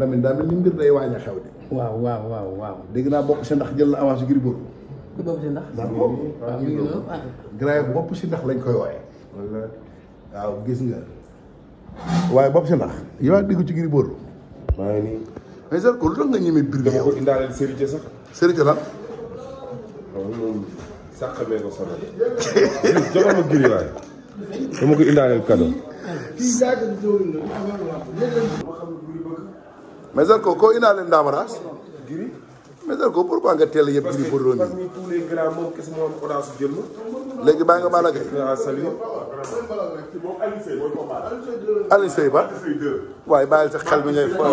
Lamine daa mel ni mbir day waaj a xew de. waaw waaw waaw waaw. dégg naa bokk si ndax jël na avance ngir góor. ku bokk si ndax. ndax boobu ah. lañ koy wooyee. waaw gis nga. waaye bopp si ndax. yow a dégg ci ngir góor. maa ngi nii. mais sax kon lu nga ñemee biir dafa ko Serigne sax. Serigne lan. sàq mee ko sonal joxoon ma mais Zarko koo indaale ndaamaraas. giri mais Zarko pourquoi nga teel yëpp giri pour. parce que tous les grands léegi bàyyi nga Balla Gaye. waaw salut. ba. waay bàyyil sa xel bi ngay fa.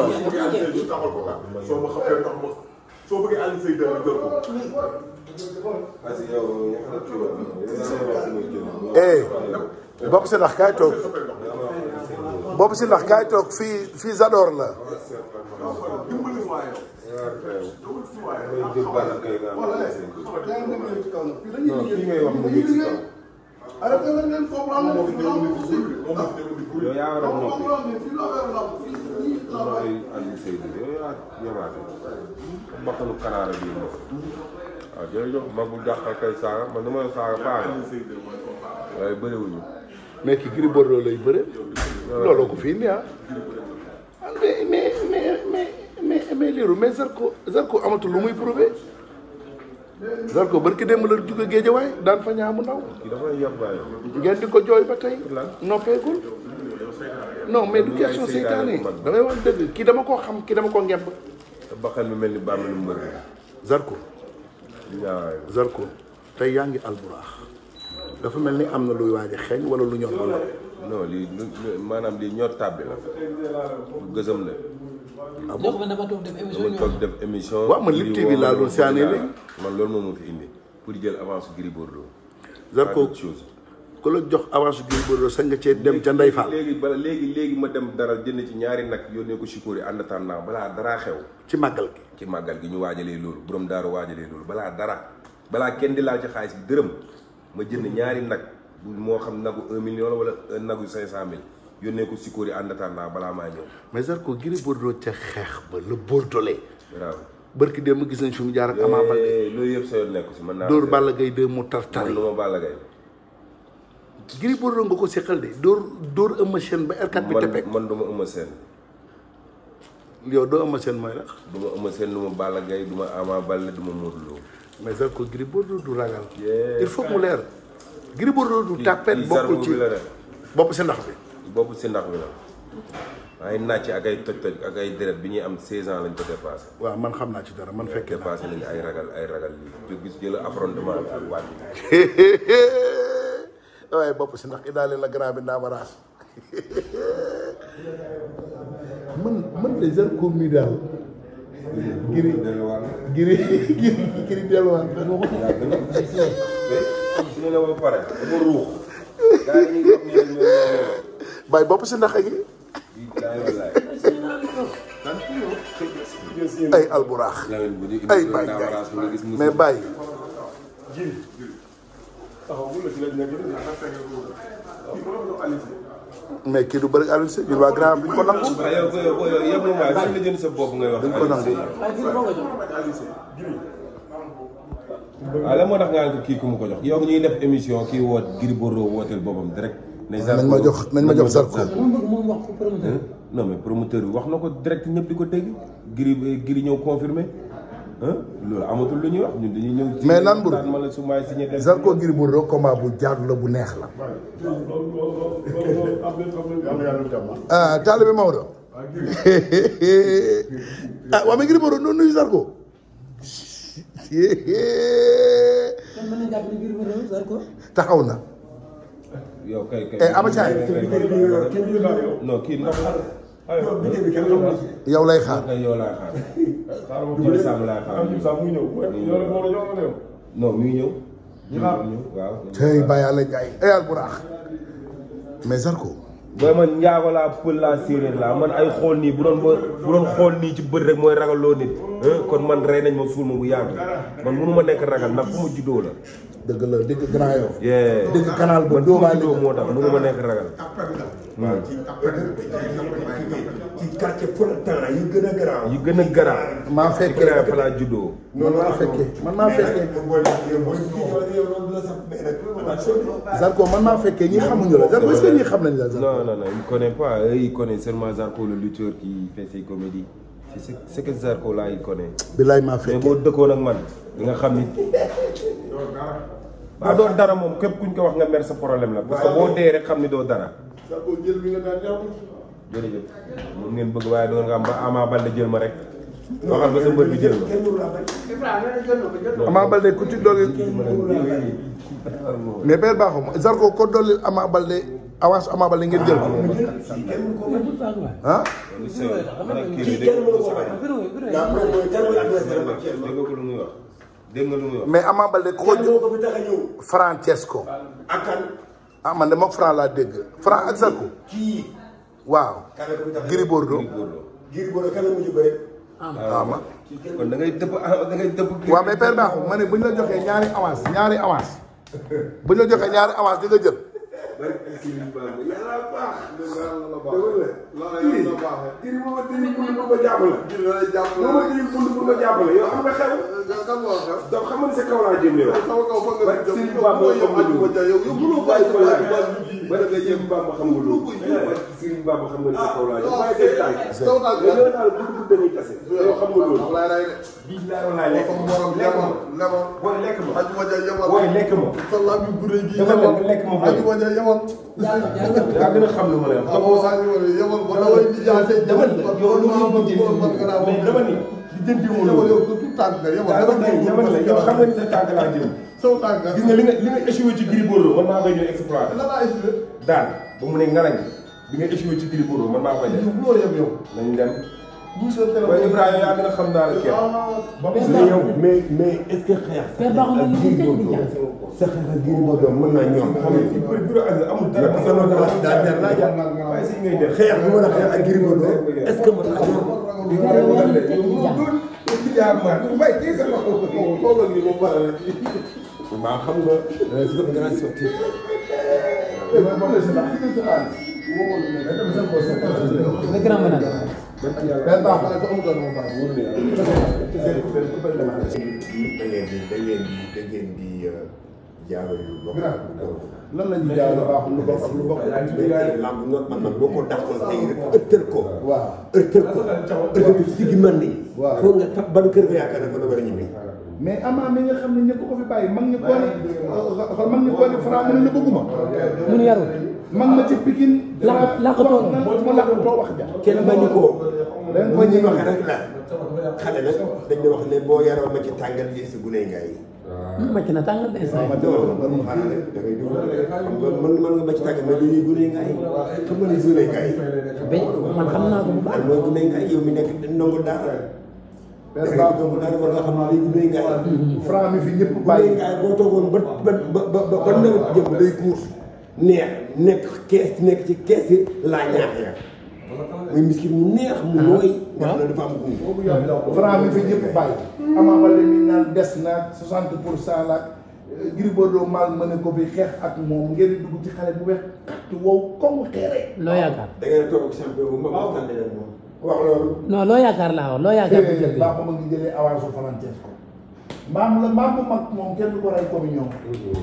soo bëggee eh, Alioune bopp si ndax kaay toog. bopp si ndax la. dimbali ma yow. dimbali ma yow. dégg baax na kay nga am. wala yaa ngi nekk ci kaw nag. fii dañuy liggéey fii ngay wax mu ngi ci kaw. arrêté na ngeen foofu am na fi ñu am aussi. yow yaa war a noppi. fii la war a noppi. fii la war a noppi. Aliou Seydou yow yaa ñëwaate. mbaxalu karaara bi ñu waaw jërëjëf ma bu jàq kay saaga man dama yor saaga baax na. waaye bëriwuñu. mais ki Gris Bordeaux lay bëre. looloo ko fi indi ah. mais mais. mais mais mais Zarko Zarko amatul lu muy prouvé Zarko barki démb la jóge géejawaay daan fa ñaamu ndaw ngeen di ko jooy ba tey noppeegul non mais du question seytaane da kii dama koo xam kii dama ko ngemb baxal mi mel ni bàmmeel mu mbër Zarko Zarko tey yaa ngi alburaax dafa mel ni am na luy waaj a xeeñ wala lu ñor non lii ñor tàbbi la lu gësam ah bon dama toog def émission toog def émission. waaw ma Lutte TV laa doon saane léegi. man loolu moom moo fi indi pour jël avance Gris Bordeaux. Zarko ku la jox avance Gris Bordeaux sax nga cee dem ca Ndeye Fall. léegi bala léegi léegi ma dem dara jënd ci ñaari nag yónnee ko Sikori ànd tànnaa balaa dara xew. ci màggal gi. ci màggal gi ñu waajalee loolu borom daaru waajalee loolu balaa dara balaa kenn di laal ci xaalis bi dërëm ma jënd ñaari nag moo xam nagu un million la wala euh, nagu cinq cent mille yónnee ko Sikori en attendant balaa maa ñëw. mais Zarko Gris Bordeaux mu jaar ak Ama si mën naa. Dóor Balla Gaye de mu tartari man lu ma Balla Gaye. Gris Bordeaux nga ko seqal de Dóor ba R4 bi tepek. man doo du ragal. il faut mu leer. Gris du tapet bopp si ndax bi. boobu si ndax mi la waaye nàcc ak ay toj toj ak ay deret bi ñuy am 16 ans lañ ko dépassé. waaw man xam naa ci dara man fekkee dépassé nañu ay ragal ay ragal lii ju gis jël affrontement bi ak wàll waaye bopp si ndax idaale la grand bi naa baraas man man de Zarko mi daal giri giri giri giri delluwaat su ne la ba pare dama ruux gaa yi ñuy wax bàyyi bopp si ndax yi ay alburaax ay bàyyi mais baay mais kii du bëri Alioune Seye ñun waa grand bi ñu ko nangu. duñ ko nangu. waaw lan moo tax nga ko kii ku mu ko jox. yow ñuy def émission kii woot Gris Bordeaux wooteel boppam direct. ne nañ ma jox nañ ma jox Zarko moom wax ko promoteur non bi wax na ko direct ñëpp di ko dégg giri giri ñëw confirmé loolu amatul lu ñuy wax ñun dañuy ñëw. mais lan ma la su maay signé. Zarko Gris Bordeaux bu jaadu la bu neex la. ah taalibe Maodo. ah waaw mais Gris Bordeaux noonu Zarko. taxaw na. yow kay yow lay xaar. yow lay xaar. Jim tey Baye Alla Ndiaye eyal bu raax mais Zarko. mooy man njaago laa pël laa séeréer laa man ay xool nii bu doon bu doon xool nii ci bët rek mooy ragal loo nit kon man rey nañ ma suul ma bu yàgg man mënu ma nekk ragal ndax fu ma juddoo la dëgg la dëgg Grand Yoff dëgg canal ba doo moo tax mënu ma nekk ragal quartier Folatan yu gën a garaaw. yu gën a garaaw maa fekkee fa laa juddoo. man maa fekkee man maa fekkee. Zarko man maa fekkee ñi xamuñu la Zarko est-ce que ñi xam nañ la. non non non il connaît pas il connaît seulement Zarko le lutteur qui fait ses comédies c'est ce maa fekkee mais boo dëkkoon ak man di nga xam ni. waaw doo dara moom képp ku kuñ ko wax nga mer sa problème la. parce que boo dee xam ni doo dara. jërëjëf moom ngeen bëgg waaye doon nga am jël ma rek. waxal ba sa mbër mais Père Bakhoum Zarko ko dolli Ama Baldé avance Ama Baldé ngeen jël ko. ah. mais Ama Baldé ko Franc ah man de moom Franc laa dégg Franc ak Zarko. waaw. Gris Bordeaux. Gris Bordeaux kan ba mujj bëri. Ah, ah, Ama kon da ngay dëpp ah, da ngay dëpp. waaw mais père Bakhoum ma ne bu ñu la joxee ñaari awance ñaari avance bu ñu la joxee ñaari awance di nga jël. barke Sëriñ Bamba yàlla baax. yàlla la baax dëgg la. la baax kii bi moom a tëjee pour ñu ko jàppale. kii la jàppale moom a tëjee pour ñu ko jàppale yow xam nga xew. Eh, eh, xam nga xew donc xam nga ne sa kaw laa jëm yow. Eh, sama kaw foog nga jëm Sëriñ Bamba yow yow mënoo bàyyi ko laa jëm. barke Sëriñ Bamba xam nga loolu. barke Sëriñ Bamba xam nga ne sa kaw laa jëm. waaye tey tànk. kaw tànk yow yow daal gudd gudd dañuy tase. yow xam nga loolu. bii laa doon laay lekk ma lekk ma lekk ma yemoon. yàlla yaa xam lu ma lay wax. waaw waaw waaw yemoon ba la way dama ni yow lu muy mujjee mais dama ni. jëndiwul loolu yow tout tànk nga yemoon. xam nga ni sa tànk laa jëm. sama tànk laa gis nga li nga li nga échoué ci Gris Bordeaux man maa koy ñëw exploité. lan laa échoué. daal ba mu ne ngarañ bi nga échoué ci Gris Bordeaux man maa koy def. loolu yëpp yow nañu dem douze heures teel a. Ibrahima yaa gën a xam daal kenn. ba mais yow mais mais est-ce que xeex. mais baax na li ñu tëj di sa xeex ak Gris Bordeaux mën naa ñor. xam nga fii bu dul amul dara. parce que loolu daal leer naa jàpp waaye si ngay def. xeex bu mën a xeex ak Gris Bordeaux est-ce que mën naa ñor. maa xam nga réseau bi dana sotti. dégg nga benn baax la ko amutoon moom baax wóor na di jaaro yu bokk lan lañu jaaro baax lu bokk lu bokk lamb nga man nag boo ko dàqoon tey rek ërtël ko waaw ërtël ko ërtël ko ci man ni foo nga fa ban kër nga yaakaar ne fa la war a ñibbi mais amaa mi nga xam ne ñëpp ko fi bàyyi mag ñi ko ne mag ñi ko ne Franc mu ne la bëgguma mun yarul man ma ci Pikine. laq la ma laqatoo wax ja. kenn bañu ko. ren boo ñuy waxee rek la xale nag dañ ne wax ne boo yaroo ma ci tàngal yi si gune ngay. waaw màcc na tàngal de instant yii. waaw man man xaaral rek da ngay dugg rek man man nga màcc tàngal mais dañuy gune ngay. xam nga ni gune naa ko bu baax. mooy gune ngay yow mi nekk ndongo daara. dëgg la donc daal war nga xam ne léegi ngay. franc mi fi ñëpp bàyyi. boo toogoon ba ba ba ba nawet jëm day court. neex nekk kees nekk ci kees yi laa ñaaxee muy miskit mu neex mu ah. nooy ah. dafa am gunóor. fi ñëpp bàyyi. Hmm. Ama Baldé mi na 60 pour cent la euh, Gris Bordeaux mal ko fi xeex ak moom ngeen di ci xale bu weex te wow comme xeere. loo yaakaar da ngeen toog ak champion bu loo yaakaar laa wax loo yaakaar. bu jël eh, mag moom kenn ko rey comme